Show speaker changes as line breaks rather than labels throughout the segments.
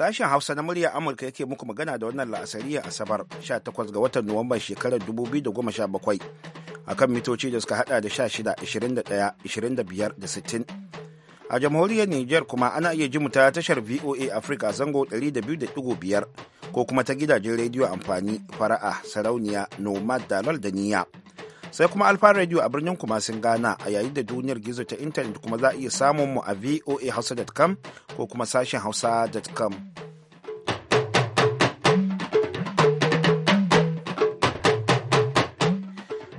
Sashen Hausa na murya Amurka yake muku magana da wannan la'asari a Asabar 18 ga watan Nuwamban shekarar 2017 kan mitoci da suka hada da 16, 21, 25 da 60. A jamhuriyar Nijar kuma ana iya jimu ta tashar VOA Africa zango 200.5 ko kuma ta gidajen rediyo amfani fara'a sarauniya nomad da niyya. sai kuma alfa radio a birnin kumasin ghana a yayin da duniyar gizo ta intanet kuma za a iya samun mu a voahausa.com ko kuma sashen hausa.com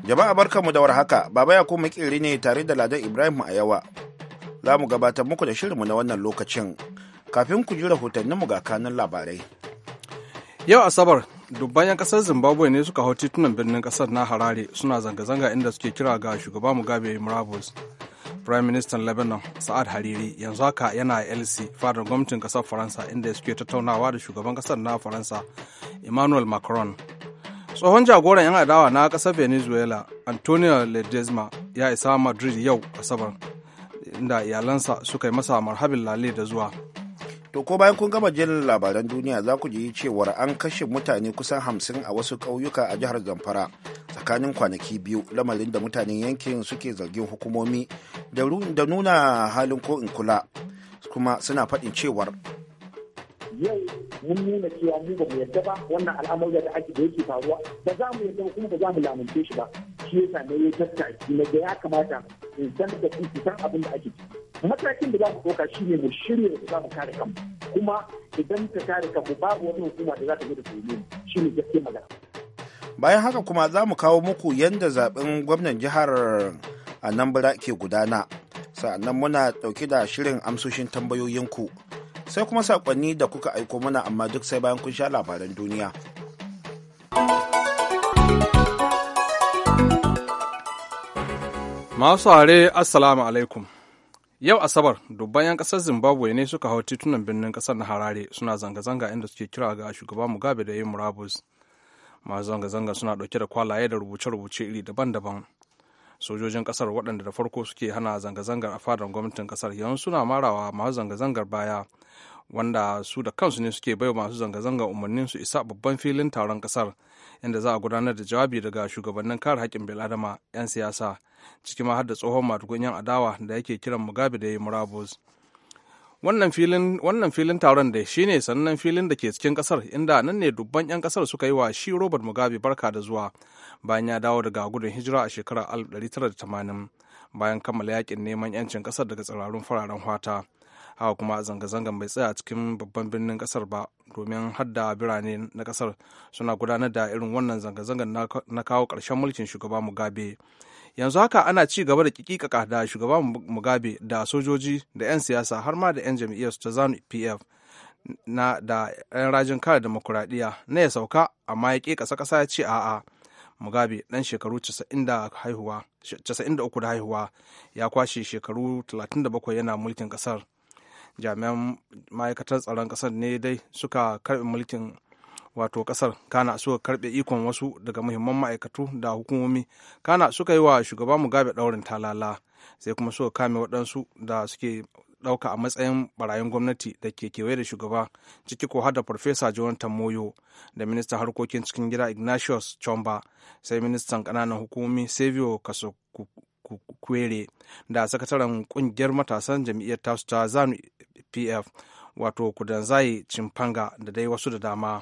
jama'a barkanmu da haka baba ya kuma kiri ne tare da ladan ibrahim a yawa za mu gabatar muku da shirinmu na wannan lokacin kafin ku ji rahotanninmu ga kanun labarai
yau asabar dubban 'yan kasar zimbabwe ne suka hau titunan birnin kasar na harare suna zanga-zanga inda suke kira ga shugaba mugabe murabus prime minister lebanon sa'ad hariri yanzu haka yana lc fadar gwamnatin kasar faransa inda suke tattaunawa da shugaban kasar na faransa emmanuel macron tsohon jagoran 'yan adawa na kasar venezuela antonio ledesma ya isa madrid yau asabar inda iyalansa suka yi masa marhabin lale da zuwa
To ko bayan kun gama jin labaran duniya za ku ji cewar an kashe mutane kusan hamsin a wasu ƙauyuka a jihar Zamfara tsakanin kwanaki biyu lamarin da mutanen yankin suke zargin hukumomi da nuna halin ko in kula kuma suna faɗin cewar.
Yau mun nuna cewa mu ba mu yarda ba wannan al'amari da ake da yake faruwa ba za mu yarda kuma ba za mu lamunce shi ba shi yasa na yi tattaki na da ya kamata Eh, da san abin da ake matakin da za mu ɗauka shi ne mu shirya da za mu kare kanmu kuma idan ta kare kanmu babu wata hukuma da za ta
yi da tsoro
shi ne gaske magana. bayan haka kuma za mu kawo muku yadda zaben gwamnan jihar anambra ke gudana sa'annan muna ɗauke da shirin amsoshin tambayoyinku sai kuma saƙonni da kuka aiko mana amma duk sai bayan kun sha labaran
duniya. Masu hare Assalamu alaikum. Yau Asabar, dubban 'yan ƙasar Zimbabwe ne suka hau titunan birnin ƙasar na Harare suna zanga-zanga inda suke kira ga shugaba Mugabe da yin murabus. Masu zanga-zanga suna ɗauke da kwalaye da rubuce-rubuce iri daban-daban. Sojojin ƙasar waɗanda da farko suke hana zanga-zangar a fadar gwamnatin ƙasar yanzu suna marawa masu zanga-zangar baya wanda su da kansu ne suke baiwa masu zanga-zanga umarnin su isa babban filin taron kasar inda za a gudanar da jawabi daga shugabannin kare haƙƙin bil'adama 'yan siyasa ciki ma har da tsohon madugun adawa da yake kiran mugabe da ya yi murabus wannan filin taron da shi ne sannan filin da ke cikin kasar inda nan ne dubban 'yan kasar suka yi wa shi robert mugabe barka da zuwa bayan ya dawo daga gudun hijira a shekarar 1980 bayan kammala yakin neman 'yancin kasar daga tsirarun fararen fata. haka kuma zanga zanga bai tsaya a cikin babban birnin kasar ba domin hadda birane na kasar suna gudanar da irin wannan zanga zanga na kawo ƙarshen mulkin shugaba mugabe yanzu haka ana ci gaba da kikikaka da shugaba mugabe da sojoji da 'yan siyasa har ma da 'yan jam'iyyar ta zanu pf na da 'yan rajin kare demokuraɗiyya na ya sauka amma ya ƙi ƙasa ƙasa ya ce a'a mugabe ɗan shekaru 93 da haihuwa ya kwashe shekaru 37 yana mulkin ƙasar jami'an ma'aikatar tsaron kasar ne dai suka karbe mulkin wato kasar kana suka karbe ikon wasu daga muhimman ma'aikatu da hukumomi kana suka yi wa shugaba mugabe daurin talala sai kuma suka kame waɗansu da suke ɗauka a matsayin barayin gwamnati da ke kewaye da shugaba ciki ko har da farfesa jonathan moyo da ministan harkokin cikin gida ignatius chomba sai ministan kananan hukumomi savio kwere da sakataren kungiyar matasan jam'iyyar tasu ta zanu pf wato kudanzai cimfanga da dai wasu da dama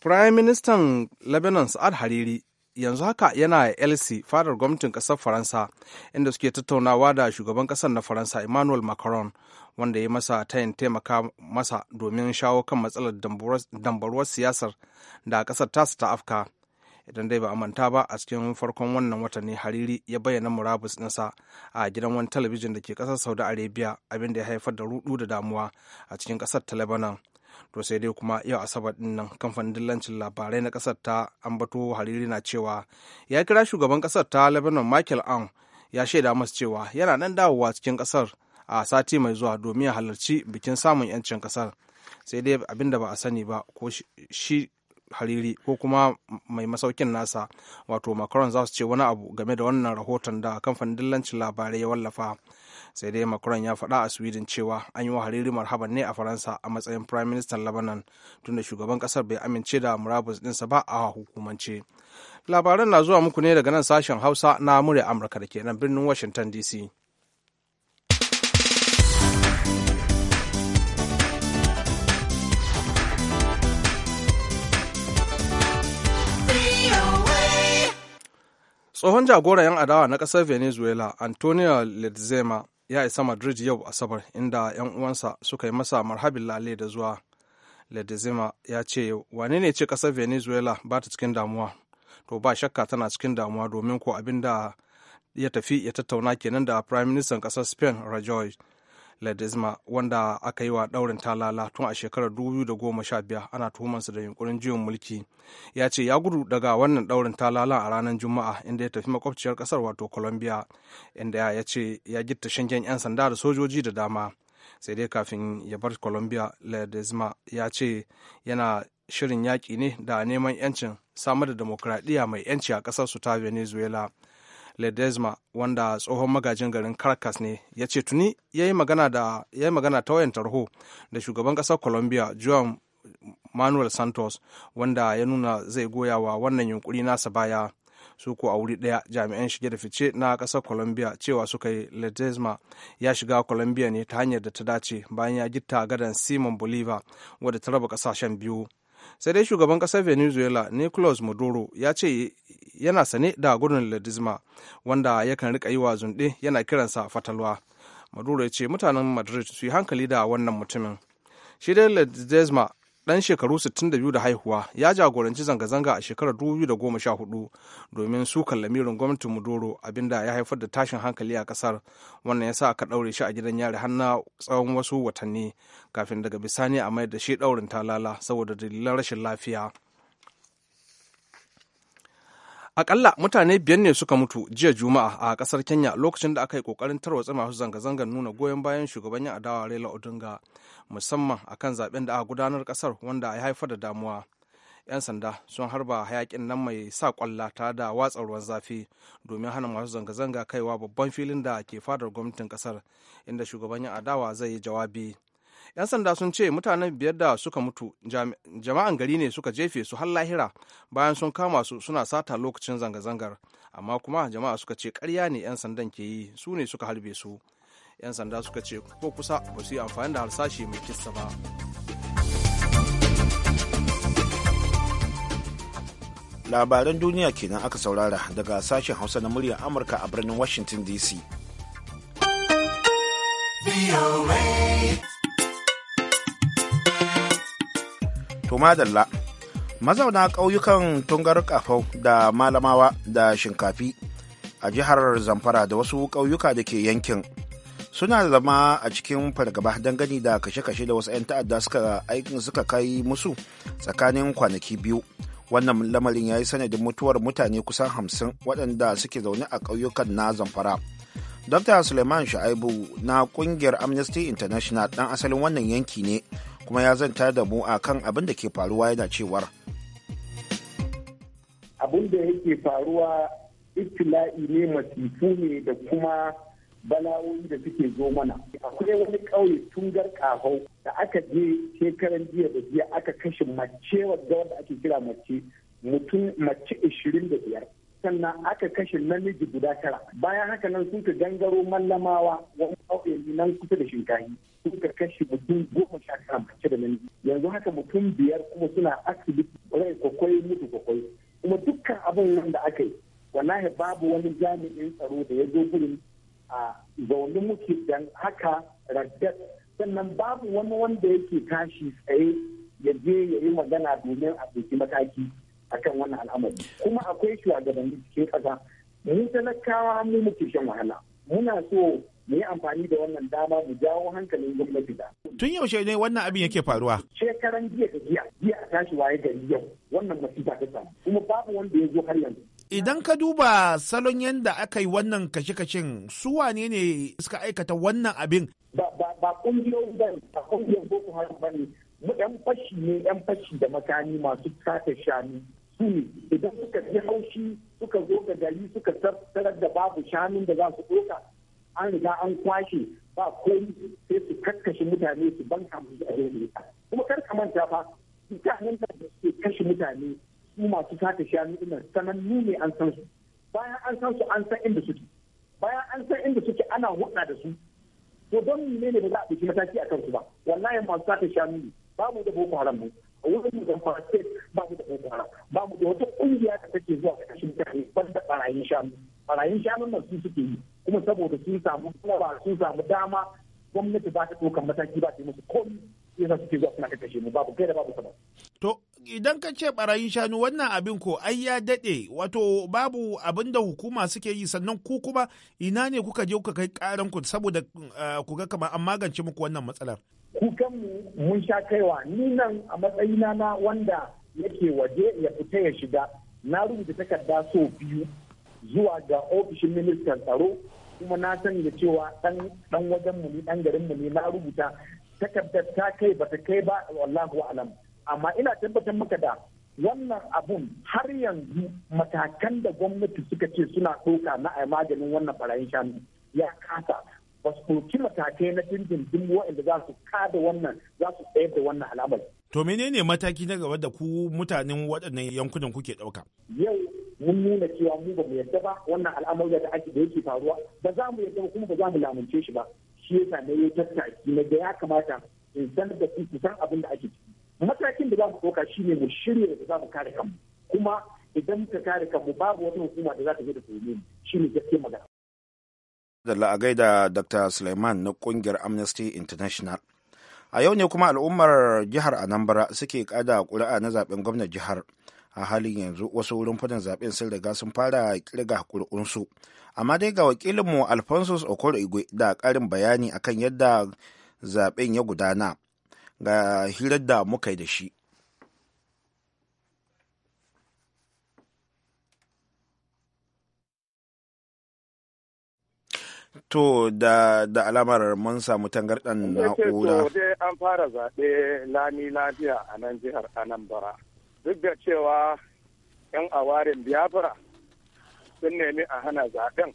prime minister lebanon sa'ad hariri yanzu haka yana lc fadar gwamnatin ƙasar faransa inda suke tattaunawa da shugaban ƙasar na faransa emmanuel macron wanda ya yi masa tayin taimaka masa domin shawo kan matsalar dambaruwar siyasar da ƙasar tasa ta afka idan dai ba a manta ba a cikin farkon wannan watan ne hariri ya bayyana murabus ɗinsa a gidan wani talabijin da ke kasar saudi arabia abin da ya haifar da rudu da damuwa a cikin ƙasar ta lebanon to sai dai kuma yau asabar din nan kamfanin dillancin labarai na ƙasar ta ambato hariri na cewa ya kira shugaban ƙasar ta lebanon michael ang ya shaida masa cewa yana nan dawowa cikin ƙasar a sati mai zuwa domin ya halarci bikin samun 'yancin ƙasar sai dai abinda da ba a sani ba ko shi hariri ko kuma mai masaukin nasa wato macron za su ce wani abu game da wannan rahoton da kamfanin dillancin labarai ya wallafa sai dai macron ya faɗa a sweden cewa an yi wa hariri marhaban ne a faransa a matsayin prime minister lebanon tunda shugaban ƙasar bai amince da murabus ɗinsa ba a hukumance labaran na zuwa muku ne daga nan sashen hausa na murya amurka da ke nan birnin washington dc tsohon jagoran 'yan adawa na ƙasar venezuela antonio ledzema ya isa madrid yau asabar inda 'yan uwansa suka yi masa marhabin lale da zuwa ledezima ya ce yau wane ne ce ƙasar venezuela ba ta cikin damuwa to ba shakka tana cikin damuwa domin ko abin da ya tafi ya tattauna kenan da prime minister ƙasar spain rajoy ledesma wanda aka yi wa daurin talala tun a shekarar 2015 ana tuhumarsa da yunkurin juyin mulki ya ce ya gudu daga wannan daurin talala a ranar juma'a inda ya tafi makwabciyar kasar wato colombia inda ya ce ya gitta shingen 'yan sanda da sojoji da dama sai dai kafin ya bar colombia ledesma ya ce yana shirin yaƙi ne da neman 'yancin samar da demokradiyya mai 'yanci a su ta venezuela ledesma wanda tsohon magajin garin caracas ne ya ce tuni ya yi magana ta wayan tarho da shugaban ƙasar colombia juan manuel santos wanda ya nuna zai goya wa wannan yunkuri nasa baya su ko a wuri ɗaya jami'an shige da fice na ƙasar colombia cewa suka yi ledesma ya shiga colombia ne ta hanyar da ta dace bayan ya gitta gadan simon bolivar wadda ta raba ƙasashen biyu sai dai shugaban kasar venezuela nicolas maduro ya ce yana sane da gudun ladizma wanda yakan rika yi wa zunɗe yana kiransa fatalwa maduro ya ce mutanen madrid su yi hankali da wannan mutumin shi dai ɗan shekaru 62 da haihuwa ya jagoranci zanga-zanga a shekarar 2014 domin su lamirin gwamnatin Mudoro abinda ya haifar da tashin hankali a ƙasar wannan ya sa aka ɗaure shi a gidan yari har tsawon wasu watanni kafin daga bisani a mayar da shi ɗaurin talala saboda dalilan rashin lafiya. Akalla mutane biyar ne suka mutu jiya Juma'a a kasar Kenya lokacin da aka yi kokarin tarwatsa masu zanga-zangar nuna goyon bayan shugaban yan adawa Raila Odinga musamman a kan zaben da aka gudanar kasar wanda ya haifar da damuwa. 'Yan sanda sun harba hayakin nan mai sa kwalla tare da watsa ruwan zafi domin hana masu zanga-zanga kaiwa babban filin da ke fadar gwamnatin kasar inda shugaban yan adawa zai yi jawabi. 'Yan sanda sun ce mutanen biyar da suka mutu jama'an gari ne suka jefe su har lahira bayan sun kama su suna sata lokacin zanga-zangar. Amma kuma jama'a suka ce karya ne 'yan sandan ke yi su ne suka harbe su. 'Yan sanda suka ce ko kusa ba su yi amfani da harsashi mai kisa ba.
labaran duniya kenan aka saurara daga sashen hausa na muryar amurka a birnin washington dc. To madalla, mazauna ƙauyukan tungar kafau da malamawa da shinkafi a jihar Zamfara da wasu ƙauyuka da ke yankin. Suna zama a cikin fargaba dangane da kashe-kashe da wasu 'yan ta'adda suka kai musu tsakanin kwanaki biyu. Wannan lamarin ya yi sanadin mutuwar mutane kusan hamsin waɗanda suke zaune a ƙauyukan na Zamfara. Dr. Suleiman sha'ibu na ƙungiyar Amnesty International ɗan asalin wannan yanki ne kuma ya zanta da mu a kan abin da ke faruwa yana cewar.
Abin da yake faruwa itila'i ne masifu ne da kuma bala'o'i da suke zo mana. Akwai wani ƙauye tun ƙahau da aka je shekaran jiya da jiya aka kashe mace wadda ake kira mace mutum mace ashirin da biyar. sannan aka kashe namiji guda tara bayan haka nan sun ka gangaro mallamawa wani ƙauye nan kusa da shinkahi sun ka kashe mutum goma sha tara mace da namiji yanzu haka mutum biyar kuma suna asibiti rai kwakwai mutu kwakwai kuma dukkan abin nan da aka yi wallahi babu wani jami'in tsaro da ya zo gurin a zaune muke dan haka raddat sannan babu wani wanda yake tashi tsaye ya je ya yi magana domin a ɗauki mataki akan wannan al'amari kuma akwai shugabanni cikin ƙasa mu talakawa mu muke shan wahala muna so mu yi amfani da wannan dama mu jawo hankalin gwamnati da.
Tun yaushe ne wannan abin yake faruwa? Shekaran jiya da jiya, jiya a tashi waye gari yau, wannan masifa ta samu, kuma babu wanda ya zo har yanzu. Idan ka duba salon yadda aka yi wannan kashe-kashen su wane ne suka aikata wannan abin? Ba kungiyoyin ba ba kungiyoyin Boko Haram ba ne, mu 'yan
fashi ne 'yan fashi da makami masu kata shanu su idan suka ji haushi suka zo ga gari suka tattarar da babu shanun da za su ɗoka an riga an kwashe ba koyi sai su kakkashe mutane su banka musu a yau kuma kar ka manta fa mutanen da suke kashe mutane su masu sata shanu ina sanannu ne an san su bayan an san su an san inda suke bayan an san inda suke ana hudda da su to don ne ba za a ɗauki mataki a kansu ba wallahi masu sata shanu ne babu da boko haram wurin da ba su ba mu da ƙungara ba mu da wata ƙungiya da take zuwa ta kashin mutane ban da ɓarayin shanu ɓarayin shanun nan su suke yi kuma saboda sun samu kuma sun samu dama gwamnati ba ta ɗaukar mataki ba ta yi musu komi yasa suke zuwa suna kashe mu babu kai
da babu sabab. To idan ka ce barayin shanu wannan abin ko ai ya daɗe wato babu abin da hukuma suke yi sannan ku kuma ina ne kuka je kuka kai karan ku saboda eh, ku ga kamar an magance muku wannan matsalar.
kukanmu mun sha kaiwa ni nan a matsayina na wanda yake waje ya fita ya shiga na rubuta takarda so biyu zuwa ga ofishin ministan tsaro kuma na sani da cewa dan wajenmu ne dan mu ne na rubuta takardar ta kai bata kai ba wallahu alam amma ina tabbatar maka da wannan abun har yanzu matakan da gwamnati suka ce suna ɗauka na a maganin wannan barayin shanu ya kasa ba su ɗauki matakai na dindindin waɗanda za su kada wannan za su tsayar da wannan al'amari.
To menene mataki na gaba da ku mutanen waɗannan yankunan kuke ɗauka? Yau mun nuna
cewa mu ba mu yarda ba wannan al'amari da ake da yake faruwa ba za mu yarda ba kuma ba za mu lamunce shi ba. Shi yasa na yi tattaki na da ya kamata in san da su san abin da ake ciki. Matakin da za mu ɗauka shi ne mu shirya da za mu kare kanmu. Kuma idan muka kare kanmu babu wata hukuma da za ta zo da kome mu shi ne gaske magana.
da la'agai da Dr. Suleiman na kungiyar Amnesty International. A yau ne kuma al'ummar jihar Anambra suke kada kuri'a na zaben gwamnan jihar. A halin yanzu wasu wurin rumfunan zaben sun riga sun fara kirga ƙuri'unsu. Amma dai ga wakilinmu Alphonsus Okoro Igwe da karin bayani akan yadda zaben ya gudana ga hirar da muka yi da shi. To da, da alamar mun samu tangarɗan na'ura. To
dai an fara zaɓe lami lafiya a nan jihar Anambra. Duk da cewa 'yan awarin Biafra sun nemi a hana zaɓen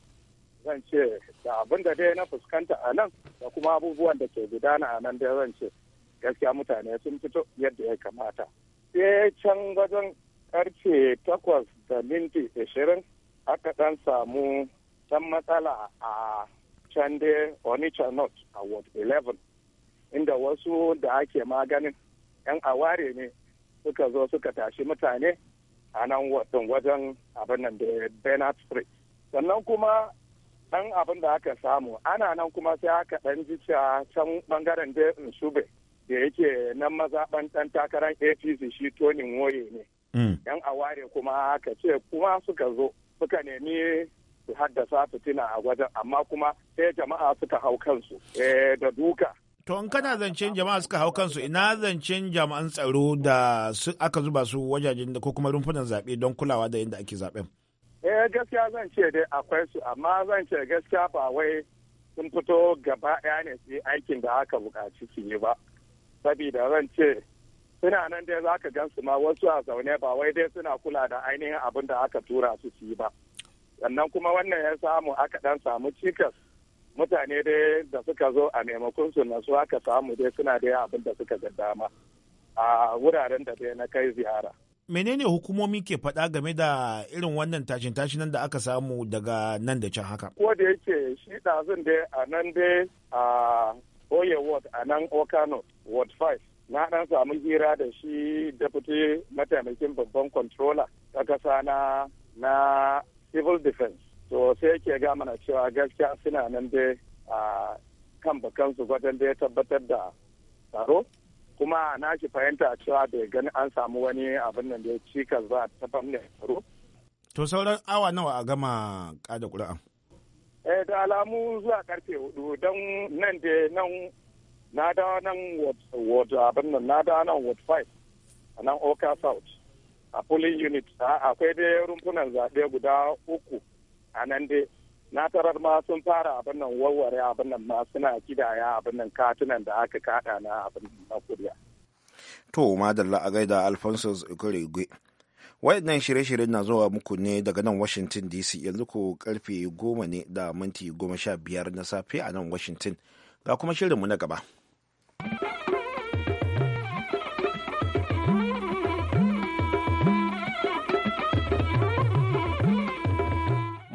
zan ce da abin da dai na fuskanta a nan da kuma abubuwan da ke gudana a nan dai zan ce gaskiya mutane sun fito yadda ya kamata. Sai can wajen karfe takwas da minti ashirin aka ɗan samu can matsala a chande dai onitsha north a ward 11 inda wasu da ake maganin 'yan aware ne suka zo suka tashi mutane a nan wajen abin nan da bernard street sannan kuma ɗan abin da aka samu ana nan kuma sai aka ɗan ji can ɓangaren da Nsube da yake nan mazaɓan ɗan takarar apc shi tonin woye ne mm. yan aware kuma aka ce kuma suka zo suka nemi su haddasa fitina a wajen amma kuma sai jama'a suka hau kansu eh, da duka
To in kana zancen jama'a suka hau kansu ina zancen jama'an tsaro da aka zuba su wajajen da ko kuma rumfunan zaɓe don kulawa da yadda ake zaɓen.
Eh gaskiya zan ce dai akwai su amma zan ce gaskiya ba wai sun fito gaba ɗaya ne su aikin da aka buƙaci su yi ba. Sabida zan ce suna nan dai za ka gan ma wasu a zaune ba wai dai suna kula da ainihin abin da aka tura su su yi ba. sannan kuma wannan ya samu aka dan samu cikas mutane dai da suka zo a maimakon su na su aka samu dai suna da abin da suka ga dama a wuraren da dai na kai ziyara
menene hukumomi ke faɗa game da irin wannan tashin nan da aka samu daga nan da can haka
ko da yake shi ɗazun dai a nan dai a oye ward a nan okano ward 5 na dan samu hira da shi deputy mataimakin babban controller ta kasa na na civil defense to sai yake ga mana cewa gaskiya suna nan dai a kan bakansu gwatan da ya tabbatar da tsaro kuma na shi fahimta cewa bai gani an samu wani abin nan da ya cikas ba ta fannin tsaro.
To sauran awa nawa a gama kada kura.
Eh da alamu zuwa karfe hudu don nan da nan na dawo nan ward abin nan na dawo nan ward 5 a nan Oka South. a polling unit akwai dai rumfunan zaɓe guda uku a nan dai na tarar ma sun fara abin nan warware abin nan ma suna kidaya abin nan katunan da aka kada na abin na kuriya.
To madalla a gaida Alphonsus Igorigwe. Waɗannan shirye-shiryen na zuwa muku ne daga nan Washington DC yanzu ko karfe goma ne da minti goma sha biyar na safe a nan Washington. Ga kuma shirinmu na gaba.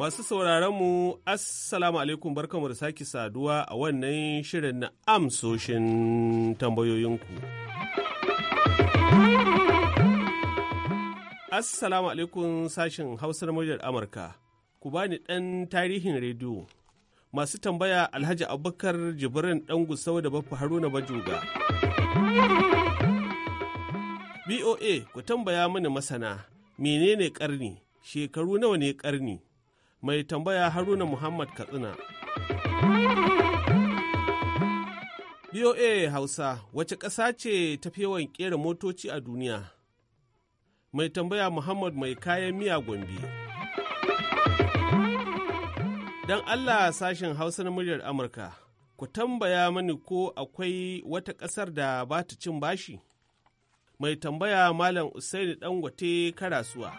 Masu mu Assalamu alaikum barkanmu da sake saduwa a wannan shirin na amsoshin tambayoyinku. Assalamu alaikum sashin Hausar muryar Amurka, ku bani ɗan tarihin rediyo. Masu tambaya Alhaji Abubakar Jibrin ɗan Gusau da Baffa Haruna Bajuga. BOA ku tambaya mini masana, menene ƙarni, shekaru nawa ne ƙarni? mai tambaya haruna muhammad katsina BOA Hausa wace ƙasa ce ta fi yawan ƙera motoci a duniya? Mai tambaya Muhammad mai kayan miya Gombe. Don Allah sashen Hausa na muryar Amurka, ku tambaya mani ko akwai wata ƙasar da ba ta cin bashi? Mai tambaya Malam Usaini Dangote Karasuwa.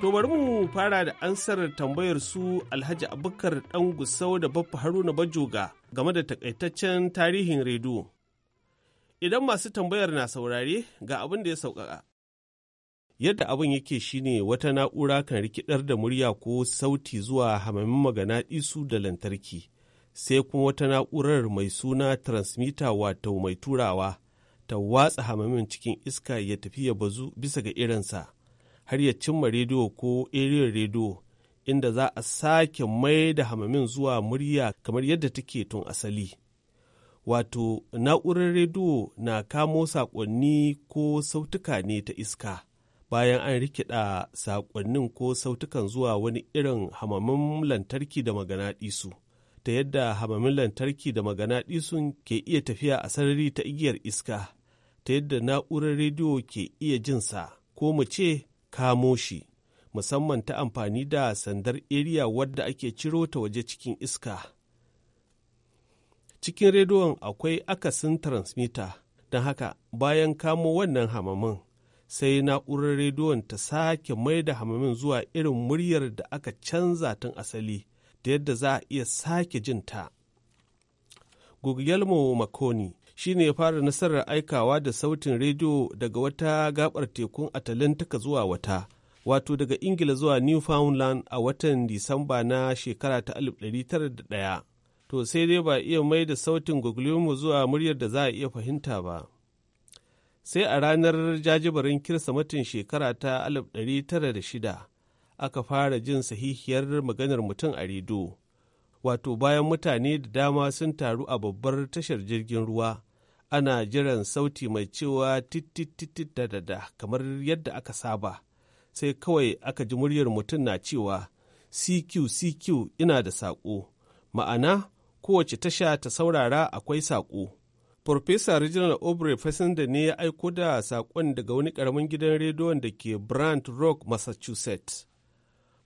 To bari mu fara da ansar tambayar su Alhaji Abubakar Dan Gusau da Baffa Haruna Bajoga game da takaitaccen tarihin rediyo. Idan masu tambayar na saurare ga abin da ya sauƙaƙa. Yadda abin yake shine wata na'ura kan rikidar da murya ko sauti zuwa hamamin magana isu da lantarki, sai kuma wata na'urar mai suna transmitter wato mai turawa ta watsa hamamin cikin iska ya tafi ya bazu bisa ga irinsa. har ya cimma rediyo ko eriyar rediyo inda za a sake mai da hamamin zuwa murya kamar yadda take tun asali. Wato, na'urar rediyo na kamo saƙonni ko sautuka ne ta iska, bayan an rikida saƙonnin ko sautukan zuwa wani irin hamamin lantarki da maganaɗisu, ta yadda hamamin lantarki da maganaɗisun ke iya tafiya a sarari ta igiyar iska, ta yadda na'urar rediyo ke iya jinsa, ko mu ce kamo shi musamman ta amfani da sandar eriya wadda ake ciro ta waje cikin iska cikin rediyon akwai akasin transmitter don haka bayan kamo wannan hamamin sai na'urar rediyon ta sake mai da hamamin zuwa irin muryar da aka canza tun asali da yadda za a iya sake jin ta guglielmo makoni shine ya fara nasarar aikawa da sautin rediyo daga wata gabar tekun Atalantika zuwa wata, wato daga Ingila zuwa Newfoundland a watan Disamba na shekara ta 1901. To sai dai ba iya mai da sautin Guglielmo zuwa muryar da za a iya fahimta ba. Sai a ranar jajibarin kirsamatin shekara ta shida aka fara jin sahihiyar maganar mutum a rediyo. wato bayan mutane da dama sun taru a babbar tashar jirgin ruwa ana jiran sauti mai cewa titititit da da kamar yadda aka saba sai kawai aka ji muryar mutum na cewa cq cq ina da saƙo ma'ana kowace tasha ta saurara akwai saƙo Farfesa Reginald Aubrey da ne ya aiko da saƙon daga wani ƙaramin gidan rediyon da ke Brant Rock, Massachusetts.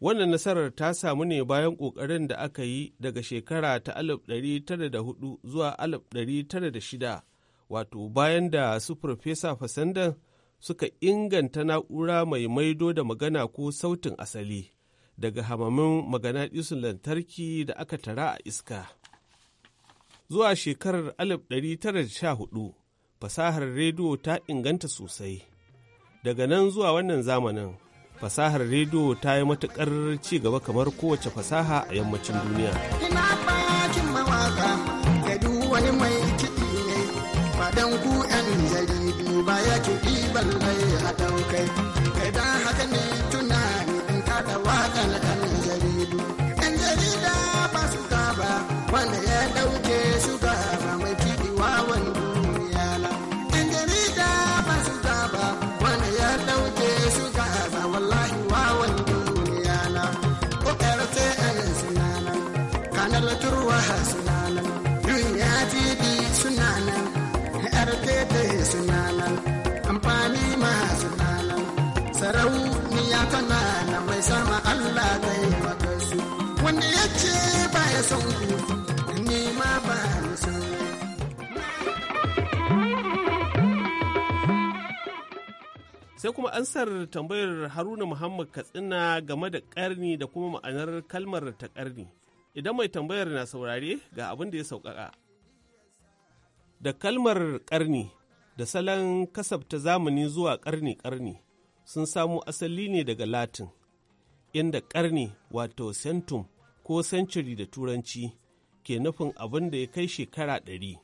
Wannan nasarar ta samu ne bayan ƙoƙarin da aka yi daga shekara ta 1904 zuwa 1906 wato bayan da su Farfesa Fasandan suka inganta na'ura mai maido da magana ko sautin asali daga hamamin magana isun lantarki da aka tara a iska. Zuwa shekarar 1914 fasahar rediyo ta inganta sosai. Daga nan zuwa wannan zamanin fasahar rediyo ta yi matuƙar ci gaba kamar kowace fasaha a yammacin duniya. sama Allah zai maka su wanda ya ce ba ya son ku ni ma ba ya sai kuma ansar tambayar haruna muhammad katsina game da ƙarni da kuma ma'anar kalmar ta karni idan mai tambayar na saurare ga abin da ya sauƙaƙa da kalmar ƙarni da salon kasabta zamani zuwa karni ƙarni sun samo asali ne daga latin inda ƙarni wato centum ko century da turanci ke nufin abin da ya kai shekara ɗari.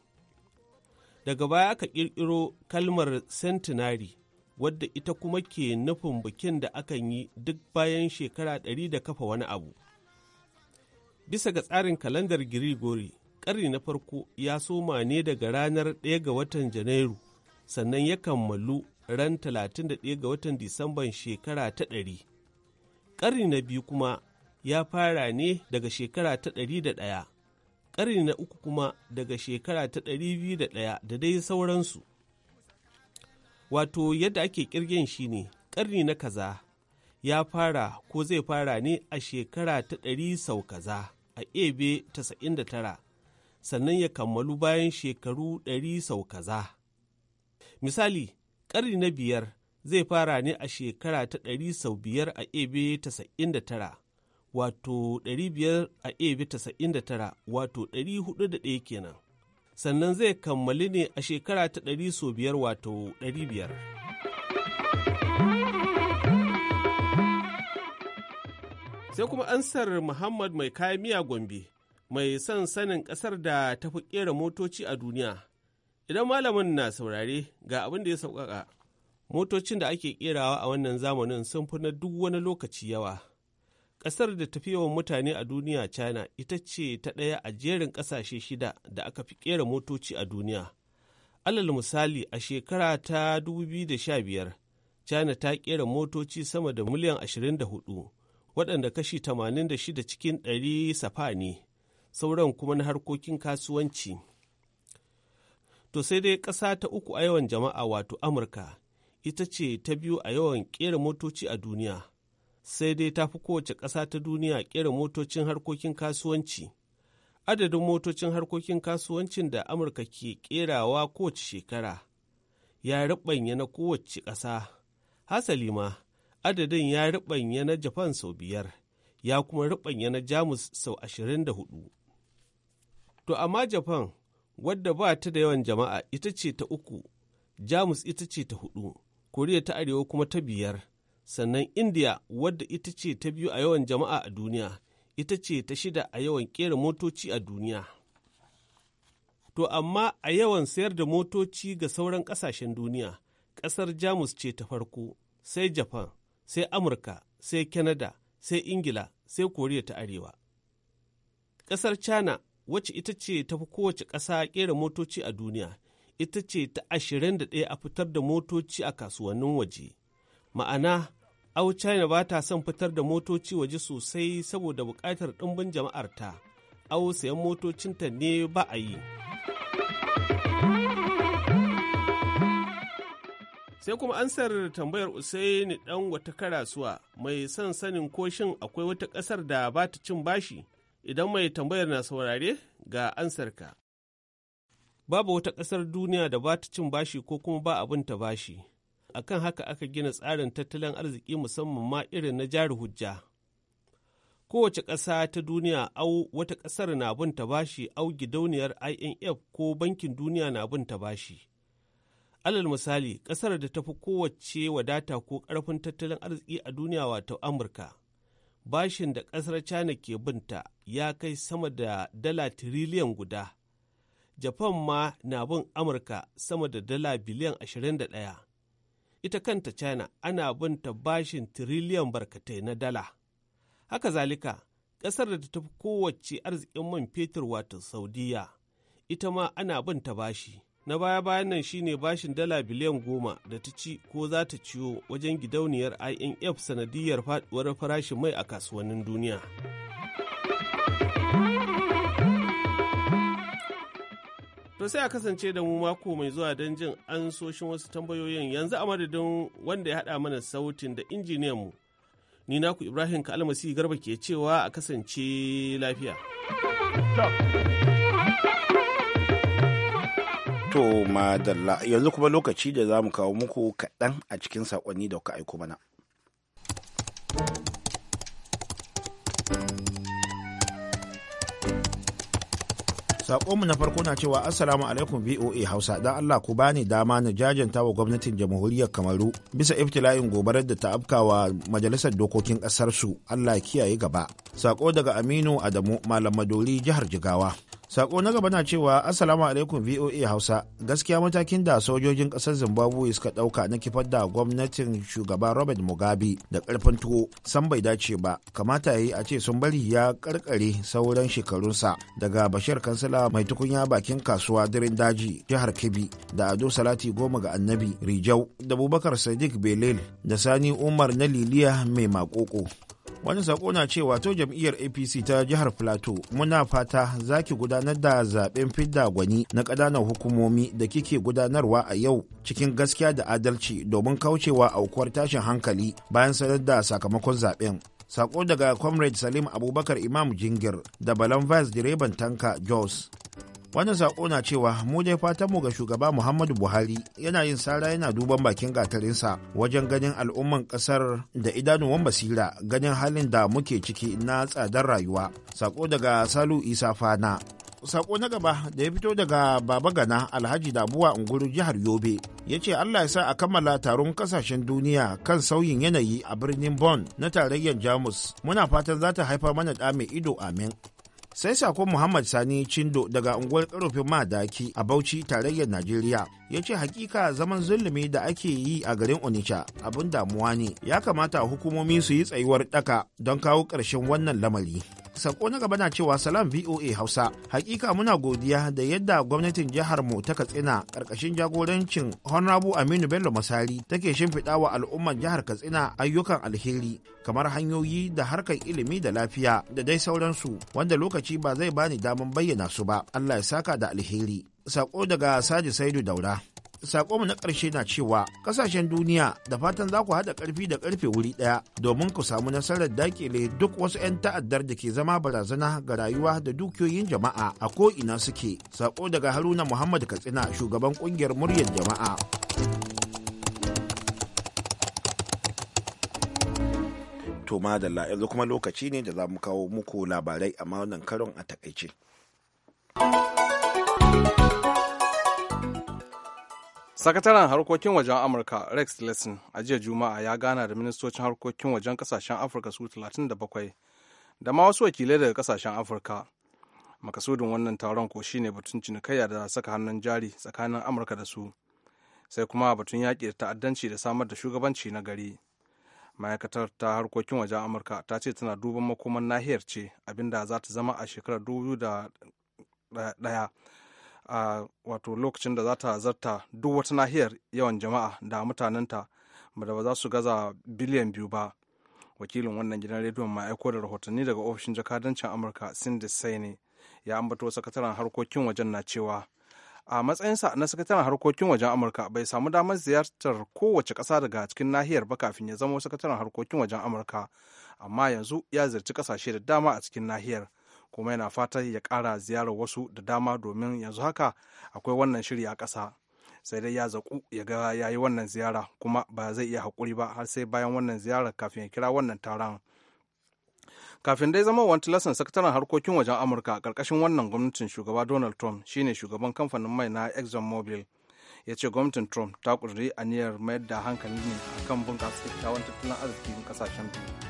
Daga baya aka ƙirƙiro kalmar centenary wadda ita kuma ke nufin bikin da akan yi duk bayan shekara ɗari da kafa wani abu. Bisa ga tsarin kalandar Girigori, ƙarni na farko ya soma ne daga ranar 1 ga watan Janairu, sannan ya kammalu ran 31 ga watan Disamban shekara ta ɗari. ƙarni na biyu kuma ya fara ne daga shekara ta ɗari da ɗaya ƙarni na uku kuma daga shekara ta ɗari biyu da ɗaya da dai sauransu wato yadda ake ƙirgen shi ne ƙarni na kaza ya fara ko zai fara ne a shekara ta ɗari sau kaza a ebe da tara sannan ya kammalu bayan shekaru ɗari sau kaza misali ƙarni na biyar zai fara ne a shekara ta ɗari sau biyar a ebe tasa'in da tara wato ɗari biyar a ebe tasa'in da tara wato ɗari hudu da ɗaya kenan sannan zai kammali ne a shekara ta ɗari sau biyar wato ɗari biyar. sai kuma ansar muhammad mai kayan miya gombe mai son sanin ƙasar da tafi ƙera motoci a duniya idan malamin na saurare ga abin da ya sauƙaƙa. Motocin da ake kerawa a wannan zamanin sun fi na duk wani lokaci yawa. Ƙasar da tafi yawan mutane a duniya China ita ce ta ɗaya a jerin ƙasashe shida da aka fi ƙera motoci a duniya. Alal misali a shekara ta 2015, China ta ƙera motoci sama da miliyan 24, waɗanda kashi 86 cikin 100 safa ne, sauran kuma na harkokin kasuwanci. To sai dai ƙasa ta uku a yawan jama'a wato Amurka ita ce ta biyu a yawan kera motoci a duniya sai dai ta fi kowace ƙasa ta duniya kera motocin harkokin kasuwanci adadin motocin harkokin kasuwancin da amurka ke ƙerawa kowace shekara ya riɓanya na kowace ƙasa hasali ma adadin ya riɓanya na japan sau biyar ya kuma riɓanya na jamus sau ashirin da hudu to amma japan wadda ba ta da yawan jama'a ita ce ta uku jamus ita ce ta hudu koriya ta arewa kuma ta biyar sannan indiya wadda ita ce ta biyu a yawan jama'a a duniya ita ce ta shida a yawan kera motoci a duniya to amma a yawan sayar da motoci ga sauran kasashen duniya ƙasar jamus ce ta farko sai japan sai amurka sai canada sai ingila sai koriya ta arewa ƙasar china wacce ita ce ta fi kowace ƙasa kera motoci a duniya ita ce ta ashirin da ɗaya a fitar da motoci a kasuwannin waje. Ma'ana, au China ba ta son fitar da motoci waje sosai saboda buƙatar ɗumbin jama'arta, au sayan motocinta ne ba a yi. sai kuma ansar tambayar usaini ɗan wata karasuwa mai son sanin ko shin akwai wata ƙasar da ba ta cin bashi idan mai tambayar na saurare ga ansarka babu wata ƙasar duniya da ba ta cin bashi ko kuma ba abin ta bashi akan haka aka gina tsarin tattalin arziki musamman ma irin na jari hujja kowace ƙasa ta duniya au wata ƙasar na bin ta bashi au gidauniyar imf ko bankin duniya na bin ta bashi alal misali ƙasar da ta fi kowace wadata ko ƙarfin tattalin arziki a duniya wato amurka bashin da ƙasar china ke binta ya kai sama da dala tiriliyan guda Japan ma na bin Amurka sama da dala biliyan 21. Ita kanta China ana bin ta bashin tiriliyan barkatai na dala. Haka zalika, ƙasar da ta fi kowace arzikin man fetur wato Saudiya, ita ma ana bin ta bashi. Na baya-bayan nan shine bashin dala biliyan goma da ta ci ko za ta ciwo wajen gidauniyar IMF sanadiyar faduwar farashin mai a kasuwannin duniya. To sai a kasance da mu mako mai zuwa don jin an soshin wasu tambayoyin yanzu a madadin wanda ya haɗa mana sautin da injiniyanmu. Ni naku Ibrahim ka Kalmasi Garba ke cewa a kasance lafiya.
To madalla yanzu kuma lokaci da za mu kawo muku kaɗan a cikin sakonni da kuka aiko mana. mu na farko na cewa Assalamu alaikum VOA Hausa dan Allah ku bani dama na jajanta wa gwamnatin jamhuriyar Kamaru bisa iftila'in gobarar da ta afkawa majalisar dokokin kasar su Allah kiyaye gaba. Sako daga Aminu Adamu Malam Madori jihar Jigawa. sako na gaba na cewa assalamu alaikum voa hausa gaskiya matakin da sojojin kasar zimbabwe suka dauka na kifar da gwamnatin shugaba robert mugabe da karfin tuwo san bai dace ba kamata yi a ce sun bari ya karkare sauran shekarunsa daga bashir kansala mai tukunya bakin kasuwa daren daji jihar kebbi da ado salati goma ga annabi rijau da abubakar sadiq belil da sani umar na liliya mai makoko wani sako na cewa to jam'iyyar apc ta jihar plateau muna fata za ki gudanar da zaben fidda gwani na ƙananan hukumomi da kike gudanarwa a yau cikin gaskiya da adalci domin kaucewa aukuwar tashin hankali bayan sanar da sakamakon zaben sako daga comrade salim abubakar imam jingir da balan vice direban tanka jos wannan sako na cewa mu dai fatan mu ga shugaba muhammadu buhari yana yin sara yana duban bakin gatarinsa wajen ganin al'umman kasar da idanuwan basira ganin halin da muke ciki na tsadar rayuwa sako daga salu isa fana saƙo na gaba da ya fito daga baba gana alhaji dabuwa unguru jihar yobe ya ce allah ya sa a kammala taron kasashen duniya kan sauyin yanayi a birnin bonn na tarayyar jamus muna fatan za ta haifar mana ɗa mai ido amin sai sako muhammad sani Chindo daga unguwar karofin madaki a bauchi tarayyar najeriya ya ce hakika zaman zulumi da ake yi a garin onitsha abin damuwa ne ya kamata hukumomi su yi tsayuwar daka don kawo ƙarshen wannan lamari sako na gaba na cewa salam voa hausa hakika muna godiya da yadda gwamnatin jihar mu ta katsina karkashin jagorancin honorable aminu bello masari take shimfiɗa wa al'umman jihar katsina ayyukan alheri kamar hanyoyi da harkar ilimi da lafiya da dai sauransu wanda lokaci ba zai bani daman bayyana su ba allah ya saka da alheri sako daga saji saidu daura mu na ƙarshe na cewa ƙasashen duniya da fatan za ku haɗa ƙarfi da karfe wuri ɗaya domin ku samu nasarar dakile duk wasu 'yan ta'addar da ke zama barazana ga rayuwa da dukiyoyin jama'a a ko'ina suke. Sako daga Haruna Muhammad Katsina shugaban ƙungiyar muryar jama'a. To madalla yanzu kuma lokaci ne da za
mu kawo muku labarai
amma wannan karon a takaice.
sakataren harkokin wajen amurka rex tillerson a jiya juma'a ya gana da ministocin harkokin wajen kasashen afirka su 37 da ma wasu wakilai daga kasashen afirka makasudin wannan taron ko shine batun cinikayya da saka hannun jari tsakanin amurka da su sai kuma batun yaƙi da ta'addanci da samar da shugabanci na gari ma'aikatar ta harkokin wajen amurka ta ce tana duban makoman nahiyar ce abinda za ta zama a shekarar 2001 a wato lokacin da za ta zarta duk wata nahiyar yawan jama'a da mutanenta da ba za su gaza biliyan biyu ba wakilin wannan gidan rediyon ma aiko da rahotanni daga ofishin jakadancin amurka cindy saini ya ambato sakataren harkokin wajen na cewa a matsayinsa na sakataren harkokin wajen amurka bai samu damar ziyartar kowace ƙasa daga cikin nahiyar ba kafin ya zama sakataren harkokin wajen amurka amma yanzu ya ziyarci ƙasashe da dama a cikin nahiyar kuma yana fatan ya kara ziyarar wasu da dama domin yanzu haka akwai wannan shiri a ƙasa sai dai ya zaƙu ya ga ya yi wannan ziyara kuma ba zai iya haƙuri ba har sai bayan wannan ziyarar kafin ya kira wannan taron kafin dai zama wani tilasan sakataren harkokin wajen amurka a ƙarƙashin wannan gwamnatin shugaba donald trump shine shugaban kamfanin mai na exxon mobil ya ce gwamnatin trump ta ƙudiri aniyar mayar da hankali ne a kan bunƙasa kyakkyawan tattalin arzikin ƙasashen biyu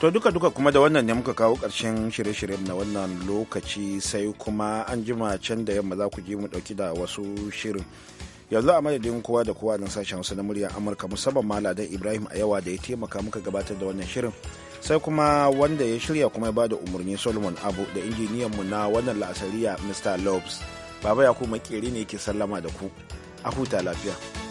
to duka duka kuma da wannan ne muka kawo ƙarshen shirye-shiryen na wannan lokaci sai kuma an jima can da yamma za ku ji mu ɗauki da wasu shirin yanzu a madadin kowa da kowa don sashen wasu na muryar amurka musamman maladan ibrahim a yawa da ya taimaka muka gabatar da wannan shirin sai kuma wanda ya shirya kuma ya bada umarni solomon abu da injiniyan mu na wannan la'asariya mr lobes baba yakubu makeri ne ke sallama da ku a huta lafiya